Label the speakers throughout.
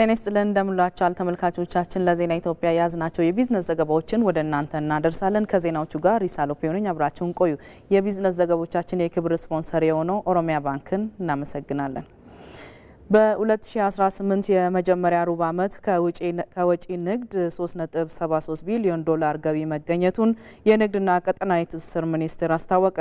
Speaker 1: ጤና ይስጥልን እንደምንላችኋል ተመልካቾቻችን። ለዜና ኢትዮጵያ የያዝናቸው የቢዝነስ ዘገባዎችን ወደ እናንተ እናደርሳለን። ከዜናዎቹ ጋር ሪሳሎ ፔዮነኝ አብራችሁን ቆዩ። የቢዝነስ ዘገቦቻችን የክብር ስፖንሰር የሆነው ኦሮሚያ ባንክን እናመሰግናለን። በ2018 የመጀመሪያ ሩብ ዓመት ከወጪ ንግድ 3.73 ቢሊዮን ዶላር ገቢ መገኘቱን የንግድና ቀጠናዊ ትስስር ሚኒስቴር አስታወቀ።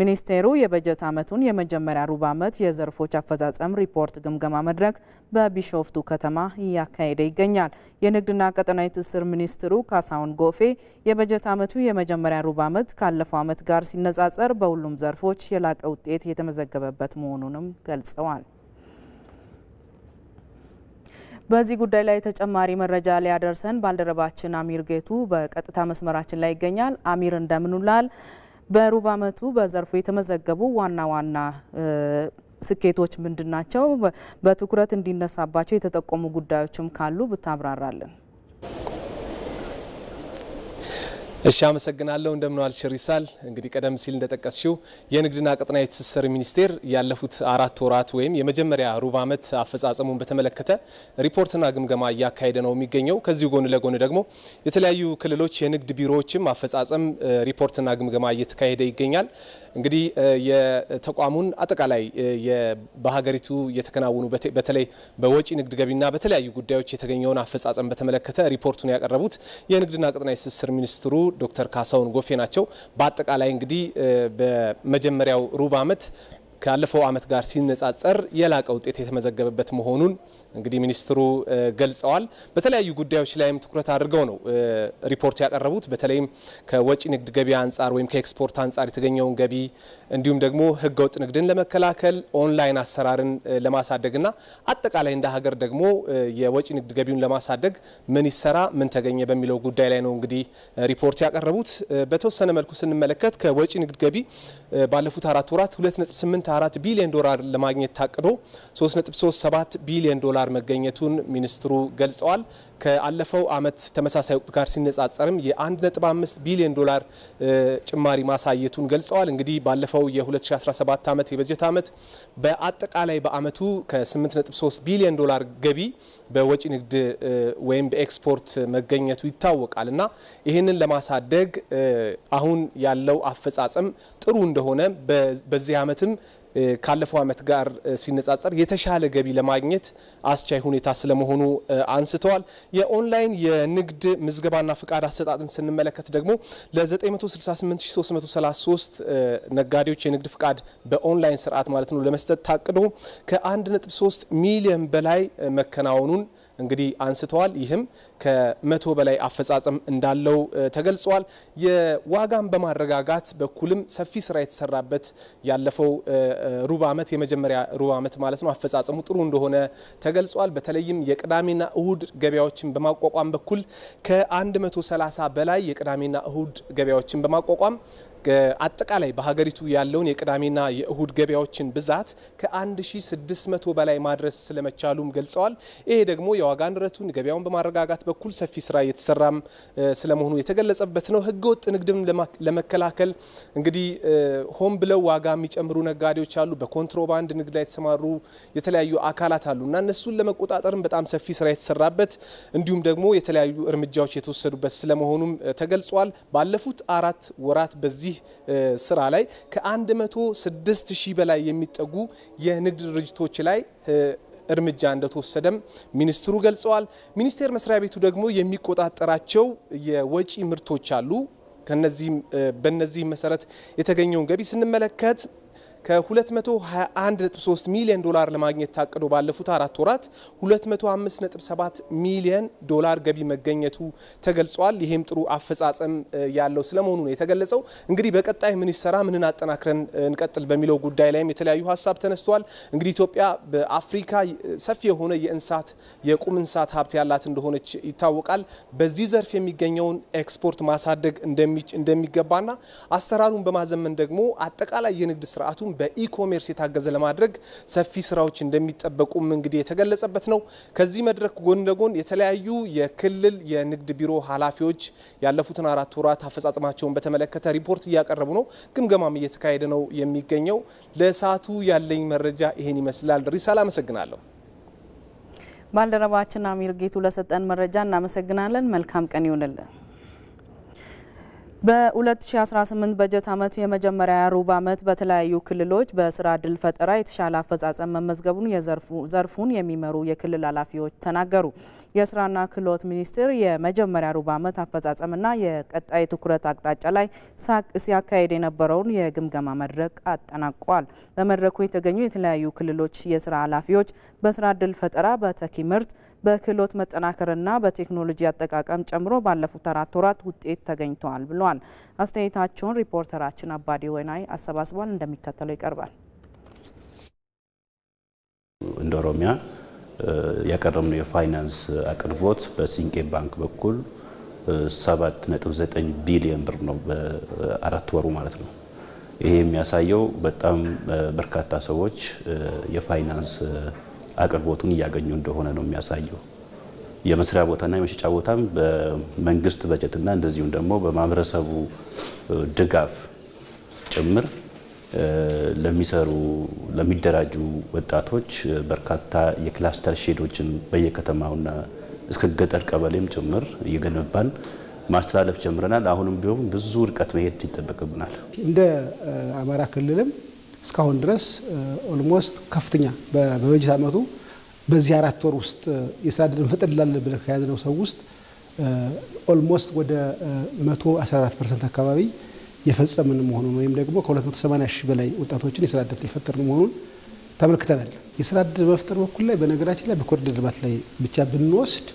Speaker 1: ሚኒስቴሩ የበጀት ዓመቱን የመጀመሪያ ሩብ ዓመት የዘርፎች አፈጻጸም ሪፖርት ግምገማ መድረክ በቢሾፍቱ ከተማ እያካሄደ ይገኛል። የንግድና ቀጠናዊ ትስስር ሚኒስትሩ ካሳሁን ጎፌ የበጀት ዓመቱ የመጀመሪያ ሩብ ዓመት ካለፈው ዓመት ጋር ሲነጻጸር በሁሉም ዘርፎች የላቀ ውጤት የተመዘገበበት መሆኑንም ገልጸዋል። በዚህ ጉዳይ ላይ ተጨማሪ መረጃ ሊያደርሰን ባልደረባችን አሚር ጌቱ በቀጥታ መስመራችን ላይ ይገኛል። አሚር እንደምንውላል? በሩብ ዓመቱ በዘርፉ የተመዘገቡ ዋና ዋና ስኬቶች ምንድን ናቸው? በትኩረት እንዲነሳባቸው የተጠቆሙ ጉዳዮችም ካሉ ብታብራራልን።
Speaker 2: እሺ አመሰግናለሁ። እንደምን ዋልሽ ሪሳል። እንግዲህ ቀደም ሲል እንደጠቀስሽው የንግድና ቀጣናዊ ትስስር ሚኒስቴር ያለፉት አራት ወራት ወይም የመጀመሪያ ሩብ ዓመት አፈጻጸሙን በተመለከተ ሪፖርትና ግምገማ እያካሄደ ነው የሚገኘው። ከዚሁ ጎን ለጎን ደግሞ የተለያዩ ክልሎች የንግድ ቢሮዎችም አፈጻጸም ሪፖርትና ግምገማ እየተካሄደ ይገኛል። እንግዲህ የተቋሙን አጠቃላይ በሀገሪቱ የተከናወኑ በተለይ በወጪ ንግድ ገቢና በተለያዩ ጉዳዮች የተገኘውን አፈጻጸም በተመለከተ ሪፖርቱን ያቀረቡት የንግድና ቅጥና ትስስር ሚኒስትሩ ዶክተር ካሳሁን ጎፌ ናቸው። በአጠቃላይ እንግዲህ በመጀመሪያው ሩብ ዓመት ካለፈው ዓመት ጋር ሲነጻጸር የላቀ ውጤት የተመዘገበበት መሆኑን እንግዲህ ሚኒስትሩ ገልጸዋል። በተለያዩ ጉዳዮች ላይም ትኩረት አድርገው ነው ሪፖርት ያቀረቡት። በተለይም ከወጪ ንግድ ገቢ አንጻር ወይም ከኤክስፖርት አንጻር የተገኘውን ገቢ እንዲሁም ደግሞ ህገወጥ ንግድን ለመከላከል ኦንላይን አሰራርን ለማሳደግና አጠቃላይ እንደ ሀገር ደግሞ የወጪ ንግድ ገቢውን ለማሳደግ ምን ይሰራ፣ ምን ተገኘ በሚለው ጉዳይ ላይ ነው እንግዲህ ሪፖርት ያቀረቡት። በተወሰነ መልኩ ስንመለከት ከወጪ ንግድ ገቢ ባለፉት አራት ወራት 2.8 34 ቢሊዮን ዶላር ለማግኘት ታቅዶ 3.37 ቢሊዮን ዶላር መገኘቱን ሚኒስትሩ ገልጸዋል። ከአለፈው አመት ተመሳሳይ ወቅት ጋር ሲነጻጸርም የ1.5 ቢሊዮን ዶላር ጭማሪ ማሳየቱን ገልጸዋል። እንግዲህ ባለፈው የ2017 ዓመት የበጀት ዓመት በአጠቃላይ በዓመቱ ከ8.3 ቢሊዮን ዶላር ገቢ በወጪ ንግድ ወይም በኤክስፖርት መገኘቱ ይታወቃል እና ይህንን ለማሳደግ አሁን ያለው አፈጻጸም ጥሩ እንደሆነ በዚህ አመትም ። ካለፈው ዓመት ጋር ሲነጻጸር የተሻለ ገቢ ለማግኘት አስቻይ ሁኔታ ስለመሆኑ አንስተዋል። የኦንላይን የንግድ ምዝገባና ፍቃድ አሰጣጥን ስንመለከት ደግሞ ለ968333 ነጋዴዎች የንግድ ፍቃድ በኦንላይን ስርዓት ማለት ነው ለመስጠት ታቅዶ ከ1.3 ሚሊዮን በላይ መከናወኑን እንግዲህ አንስተዋል። ይህም ከመቶ በላይ አፈጻጸም እንዳለው ተገልጿል። የዋጋን በማረጋጋት በኩልም ሰፊ ስራ የተሰራበት ያለፈው ሩብ ዓመት የመጀመሪያ ሩብ ዓመት ማለት ነው አፈጻጸሙ ጥሩ እንደሆነ ተገልጿል። በተለይም የቅዳሜና እሁድ ገበያዎችን በማቋቋም በኩል ከ130 በላይ የቅዳሜና እሁድ ገበያዎችን በማቋቋም አጠቃላይ በሀገሪቱ ያለውን የቅዳሜና የእሁድ ገበያዎችን ብዛት ከ1600 በላይ ማድረስ ስለመቻሉም ገልጸዋል። ይሄ ደግሞ የዋጋ ንረቱን ገበያውን በማረጋጋት በኩል ሰፊ ስራ እየተሰራ ስለመሆኑ የተገለጸበት ነው። ህገወጥ ንግድም ለመከላከል እንግዲህ ሆን ብለው ዋጋ የሚጨምሩ ነጋዴዎች አሉ፣ በኮንትሮባንድ ንግድ ላይ የተሰማሩ የተለያዩ አካላት አሉ እና እነሱን ለመቆጣጠርም በጣም ሰፊ ስራ የተሰራበት እንዲሁም ደግሞ የተለያዩ እርምጃዎች የተወሰዱበት ስለመሆኑም ተገልጿል። ባለፉት አራት ወራት በዚህ ስራ ላይ ከ106 ሺህ በላይ የሚጠጉ የንግድ ድርጅቶች ላይ እርምጃ እንደተወሰደም ሚኒስትሩ ገልጸዋል። ሚኒስቴር መስሪያ ቤቱ ደግሞ የሚቆጣጠራቸው የወጪ ምርቶች አሉ። ከነዚህ በነዚህ መሰረት የተገኘውን ገቢ ስንመለከት ከ221.3 ሚሊዮን ዶላር ለማግኘት ታቅዶ ባለፉት አራት ወራት 205.7 ሚሊዮን ዶላር ገቢ መገኘቱ ተገልጿል። ይህም ጥሩ አፈጻጸም ያለው ስለመሆኑ ነው የተገለጸው። እንግዲህ በቀጣይ ምን ይሰራ፣ ምንን አጠናክረን እንቀጥል በሚለው ጉዳይ ላይም የተለያዩ ሀሳብ ተነስተዋል። እንግዲህ ኢትዮጵያ በአፍሪካ ሰፊ የሆነ የእንስሳት የቁም እንስሳት ሀብት ያላት እንደሆነች ይታወቃል። በዚህ ዘርፍ የሚገኘውን ኤክስፖርት ማሳደግ እንደሚገባና አሰራሩን በማዘመን ደግሞ አጠቃላይ የንግድ ስርዓቱን በኢኮሜርስ የታገዘ ለማድረግ ሰፊ ስራዎች እንደሚጠበቁም እንግዲህ የተገለጸበት ነው። ከዚህ መድረክ ጎን ለጎን የተለያዩ የክልል የንግድ ቢሮ ኃላፊዎች ያለፉትን አራት ወራት አፈጻጸማቸውን በተመለከተ ሪፖርት እያቀረቡ ነው። ግምገማም እየተካሄደ ነው የሚገኘው። ለሰዓቱ ያለኝ መረጃ ይሄን ይመስላል። ሪሳል አመሰግናለሁ።
Speaker 1: ባልደረባችን አሚር ጌቱ ለሰጠን መረጃ እናመሰግናለን። መልካም ቀን ይሁንልን። በ2018 በጀት ዓመት የመጀመሪያ ሩብ ዓመት በተለያዩ ክልሎች በስራ ዕድል ፈጠራ የተሻለ አፈጻጸም መመዝገቡን ዘርፉን የሚመሩ የክልል ኃላፊዎች ተናገሩ። የስራና ክህሎት ሚኒስቴር የመጀመሪያ ሩብ ዓመት አፈጻጸምና የቀጣይ ትኩረት አቅጣጫ ላይ ሲያካሄድ የነበረውን የግምገማ መድረክ አጠናቋል። በመድረኩ የተገኙ የተለያዩ ክልሎች የስራ ኃላፊዎች በስራ ዕድል ፈጠራ፣ በተኪ ምርት በክህሎት መጠናከርና በቴክኖሎጂ አጠቃቀም ጨምሮ ባለፉት አራት ወራት ውጤት ተገኝተዋል ብለዋል። አስተያየታቸውን ሪፖርተራችን አባዲ ወይናይ አሰባስቧል፣ እንደሚከተለው ይቀርባል።
Speaker 3: እንደ ኦሮሚያ ያቀረብነው የፋይናንስ አቅርቦት በሲንቄ ባንክ በኩል 7.9 ቢሊዮን ብር ነው በአራት ወሩ ማለት ነው። ይሄ የሚያሳየው በጣም በርካታ ሰዎች የፋይናንስ አቅርቦቱን እያገኙ እንደሆነ ነው የሚያሳየው። የመስሪያ ቦታና የመሸጫ ቦታም በመንግስት በጀትና እንደዚሁም ደግሞ በማህበረሰቡ ድጋፍ ጭምር ለሚሰሩ ለሚደራጁ ወጣቶች በርካታ የክላስተር ሼዶችን በየከተማውና እስከ ገጠር ቀበሌም ጭምር እየገነባን ማስተላለፍ ጀምረናል። አሁንም ቢሆን ብዙ እርቀት መሄድ ይጠበቅብናል።
Speaker 4: እንደ አማራ ክልልም እስካሁን ድረስ ኦልሞስት ከፍተኛ በበጀት ዓመቱ በዚህ አራት ወር ውስጥ የስራ ዕድል እንፈጥራለን ብለን ከያዝነው ሰው ውስጥ ኦልሞስት ወደ 114 ፐርሰንት አካባቢ የፈጸምን መሆኑን ወይም ደግሞ ከ280 ሺህ በላይ ወጣቶችን የስራ ዕድል የፈጠርን መሆኑን ተመልክተናል። የስራ ዕድል መፍጠር በኩል ላይ በነገራችን ላይ በኮሪደር ልማት ላይ ብቻ ብንወስድ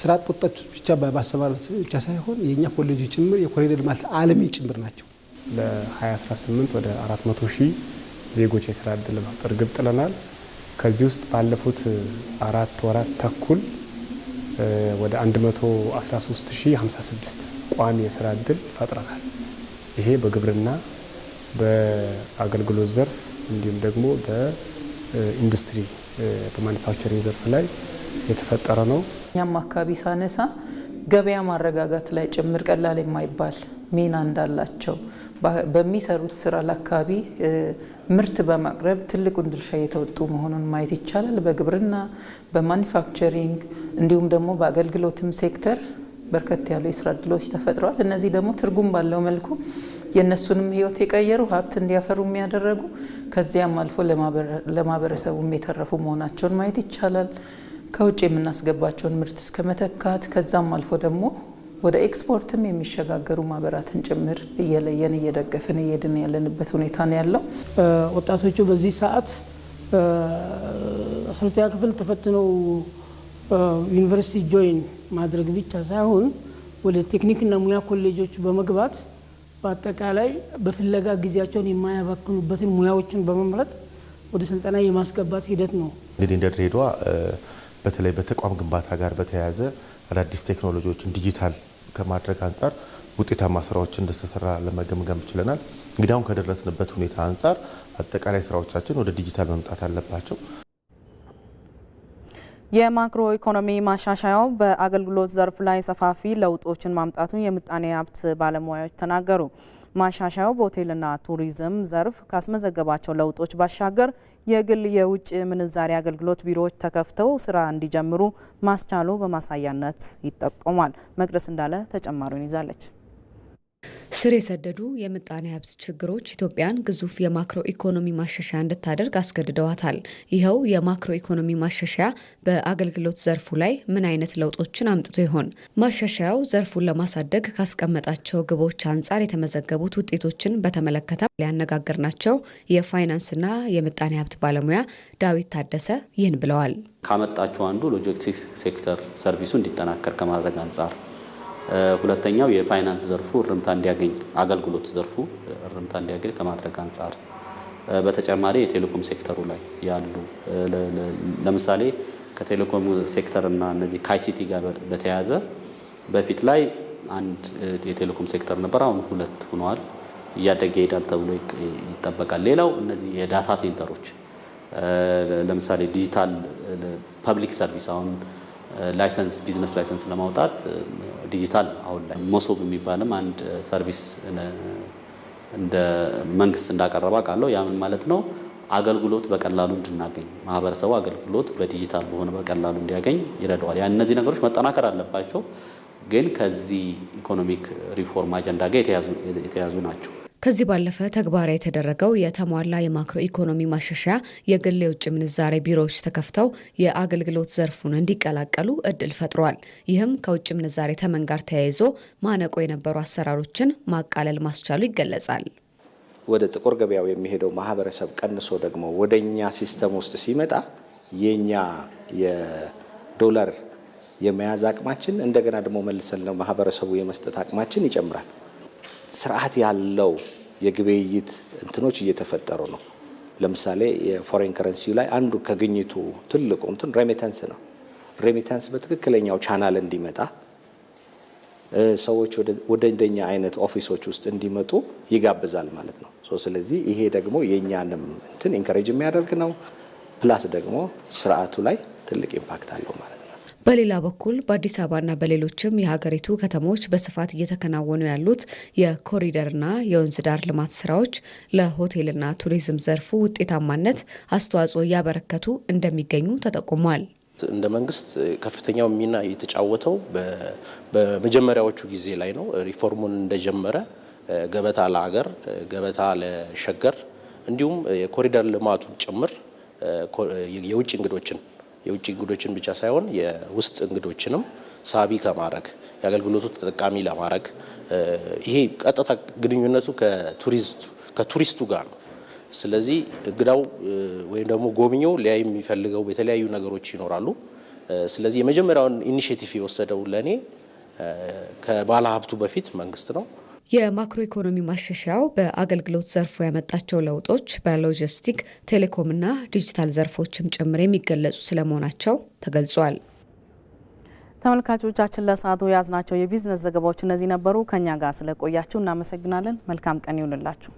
Speaker 4: ስራ አጥ ወጣቶች ብቻ በማሰማራት ብቻ ሳይሆን የእኛ ኮሌጆች ጭምር የኮሪደር ልማት አለሚ ጭምር ናቸው።
Speaker 5: ለ2018 ወደ 400 ሺህ ዜጎች የስራ እድል መፍጠር ግብ ጥለናል። ከዚህ ውስጥ ባለፉት አራት ወራት ተኩል ወደ 113056 ቋሚ የስራ እድል ፈጥረናል። ይሄ በግብርና በአገልግሎት ዘርፍ እንዲሁም ደግሞ በኢንዱስትሪ በማኒፋክቸሪንግ ዘርፍ ላይ የተፈጠረ ነው።
Speaker 6: እኛም አካባቢ ሳነሳ ገበያ ማረጋጋት ላይ ጭምር ቀላል የማይባል ሚና እንዳላቸው በሚሰሩት ስራ ለአካባቢ ምርት በማቅረብ ትልቁን ድርሻ እየተወጡ መሆኑን ማየት ይቻላል። በግብርና፣ በማኒፋክቸሪንግ እንዲሁም ደግሞ በአገልግሎትም ሴክተር በርከት ያሉ የስራ እድሎች ተፈጥረዋል። እነዚህ ደግሞ ትርጉም ባለው መልኩ የእነሱንም ህይወት የቀየሩ ሀብት እንዲያፈሩ የሚያደረጉ ከዚያም አልፎ ለማህበረሰቡም የተረፉ መሆናቸውን ማየት ይቻላል። ከውጭ የምናስገባቸውን ምርት እስከ መተካት ከዛም አልፎ ደግሞ ወደ ኤክስፖርትም የሚሸጋገሩ ማህበራትን ጭምር እየለየን እየደገፍን እየድን ያለንበት ሁኔታ ነው ያለው።
Speaker 7: ወጣቶቹ በዚህ ሰዓት አስርተኛ ክፍል ተፈትነው ዩኒቨርሲቲ ጆይን ማድረግ ብቻ ሳይሆን ወደ ቴክኒክና ሙያ ኮሌጆች በመግባት በአጠቃላይ በፍለጋ ጊዜያቸውን የማያባክኑበትን ሙያዎችን በመምረጥ ወደ ስልጠና የማስገባት ሂደት ነው።
Speaker 8: እንግዲህ እንደ ድሬዳዋ በተለይ በተቋም ግንባታ ጋር በተያያዘ አዳዲስ ቴክኖሎጂዎችን ዲጂታል ከማድረግ አንጻር ውጤታማ ስራዎች እንደተሰራ ለመገምገም ችለናል። እንግዲህ አሁን ከደረስንበት ሁኔታ አንጻር አጠቃላይ ስራዎቻችን ወደ ዲጂታል መምጣት አለባቸው።
Speaker 1: የማክሮ ኢኮኖሚ ማሻሻያው በአገልግሎት ዘርፍ ላይ ሰፋፊ ለውጦችን ማምጣቱን የምጣኔ ሀብት ባለሙያዎች ተናገሩ። ማሻሻያው በሆቴልና ቱሪዝም ዘርፍ ካስመዘገባቸው ለውጦች ባሻገር የግል የውጭ ምንዛሪ አገልግሎት ቢሮዎች ተከፍተው ስራ እንዲጀምሩ ማስቻሉ በማሳያነት ይጠቆማል። መቅደስ እንዳለ ተጨማሪውን ይዛለች።
Speaker 9: ስር የሰደዱ የምጣኔ ሀብት ችግሮች ኢትዮጵያን ግዙፍ የማክሮ ኢኮኖሚ ማሻሻያ እንድታደርግ አስገድደዋታል። ይኸው የማክሮ ኢኮኖሚ ማሻሻያ በአገልግሎት ዘርፉ ላይ ምን አይነት ለውጦችን አምጥቶ ይሆን? ማሻሻያው ዘርፉን ለማሳደግ ካስቀመጣቸው ግቦች አንጻር የተመዘገቡት ውጤቶችን በተመለከተ ሊያነጋገርናቸው የፋይናንስና የምጣኔ ሀብት ባለሙያ ዳዊት ታደሰ ይህን ብለዋል።
Speaker 10: ካመጣቸው አንዱ ሎጂስቲክስ ሴክተር ሰርቪሱ እንዲጠናከር ከማድረግ አንጻር ሁለተኛው የፋይናንስ ዘርፉ እርምታ እንዲያገኝ አገልግሎት ዘርፉ እርምታ እንዲያገኝ ከማድረግ አንጻር፣ በተጨማሪ የቴሌኮም ሴክተሩ ላይ ያሉ ለምሳሌ ከቴሌኮም ሴክተር እና እነዚህ ከአይሲቲ ጋር በተያያዘ በፊት ላይ አንድ የቴሌኮም ሴክተር ነበር፣ አሁን ሁለት ሆነዋል። እያደገ ይሄዳል ተብሎ ይጠበቃል። ሌላው እነዚህ የዳታ ሴንተሮች ለምሳሌ ዲጂታል ፐብሊክ ሰርቪስ አሁን ላይሰንስ ቢዝነስ ላይሰንስ ለማውጣት ዲጂታል አሁን ላይ መሶብ የሚባልም አንድ ሰርቪስ እንደ መንግስት እንዳቀረበ አውቃለሁ። ያ ማለት ነው? አገልግሎት በቀላሉ እንድናገኝ ማህበረሰቡ አገልግሎት በዲጂታል በሆነ በቀላሉ እንዲያገኝ ይረዳዋል። ያ እነዚህ ነገሮች መጠናከር አለባቸው፣ ግን ከዚህ ኢኮኖሚክ ሪፎርም አጀንዳ ጋር የተያዙ ናቸው።
Speaker 9: ከዚህ ባለፈ ተግባራዊ የተደረገው የተሟላ የማክሮ ኢኮኖሚ ማሻሻያ የግል የውጭ ምንዛሬ ቢሮዎች ተከፍተው የአገልግሎት ዘርፉን እንዲቀላቀሉ እድል ፈጥሯል። ይህም ከውጭ ምንዛሬ ተመን ጋር ተያይዞ ማነቆ የነበሩ አሰራሮችን ማቃለል ማስቻሉ ይገለጻል።
Speaker 11: ወደ ጥቁር ገበያው የሚሄደው ማህበረሰብ ቀንሶ ደግሞ ወደ እኛ ሲስተም ውስጥ ሲመጣ የኛ የዶላር የመያዝ አቅማችን እንደገና ደግሞ መልሰን ለማህበረሰቡ የመስጠት አቅማችን ይጨምራል። ስርዓት ያለው የግብይት እንትኖች እየተፈጠሩ ነው። ለምሳሌ የፎሬን ከረንሲ ላይ አንዱ ከግኝቱ ትልቁ እንትን ሬሚተንስ ነው። ሬሚተንስ በትክክለኛው ቻናል እንዲመጣ ሰዎች ወደ እንደኛ አይነት ኦፊሶች ውስጥ እንዲመጡ ይጋብዛል ማለት ነው። ስለዚህ ይሄ ደግሞ የእኛንም እንትን ኢንከሬጅ የሚያደርግ ነው። ፕላስ ደግሞ ስርዓቱ ላይ ትልቅ ኢምፓክት አለው ማለት ነው።
Speaker 9: በሌላ በኩል በአዲስ አበባና በሌሎችም የሀገሪቱ ከተሞች በስፋት እየተከናወኑ ያሉት የኮሪደርና የወንዝ ዳር ልማት ስራዎች ለሆቴልና ቱሪዝም ዘርፉ ውጤታማነት አስተዋጽኦ እያበረከቱ እንደሚገኙ ተጠቁሟል።
Speaker 12: እንደ መንግስት ከፍተኛው ሚና የተጫወተው በመጀመሪያዎቹ ጊዜ ላይ ነው። ሪፎርሙን እንደጀመረ ገበታ ለሀገር ገበታ ለሸገር እንዲሁም የኮሪደር ልማቱን ጭምር የውጭ እንግዶችን የውጭ እንግዶችን ብቻ ሳይሆን የውስጥ እንግዶችንም ሳቢ ከማድረግ የአገልግሎቱ ተጠቃሚ ለማድረግ ይሄ ቀጥታ ግንኙነቱ ከቱሪስቱ ከቱሪስቱ ጋር ነው። ስለዚህ እንግዳው ወይም ደግሞ ጎብኚው ሊያይ የሚፈልገው የተለያዩ ነገሮች ይኖራሉ። ስለዚህ የመጀመሪያውን ኢኒሽቲቭ የወሰደው ለእኔ ከባለሀብቱ በፊት መንግስት ነው።
Speaker 9: የማክሮ ኢኮኖሚ ማሻሻያው በአገልግሎት ዘርፉ ያመጣቸው ለውጦች በሎጂስቲክ፣ ቴሌኮምና ዲጂታል ዘርፎችም ጭምር የሚገለጹ ስለመሆናቸው ተገልጿል።
Speaker 1: ተመልካቾቻችን ለሰዓቱ የያዝናቸው የቢዝነስ ዘገባዎች እነዚህ ነበሩ። ከኛ ጋር ስለቆያችሁ እናመሰግናለን። መልካም ቀን ይሁንላችሁ።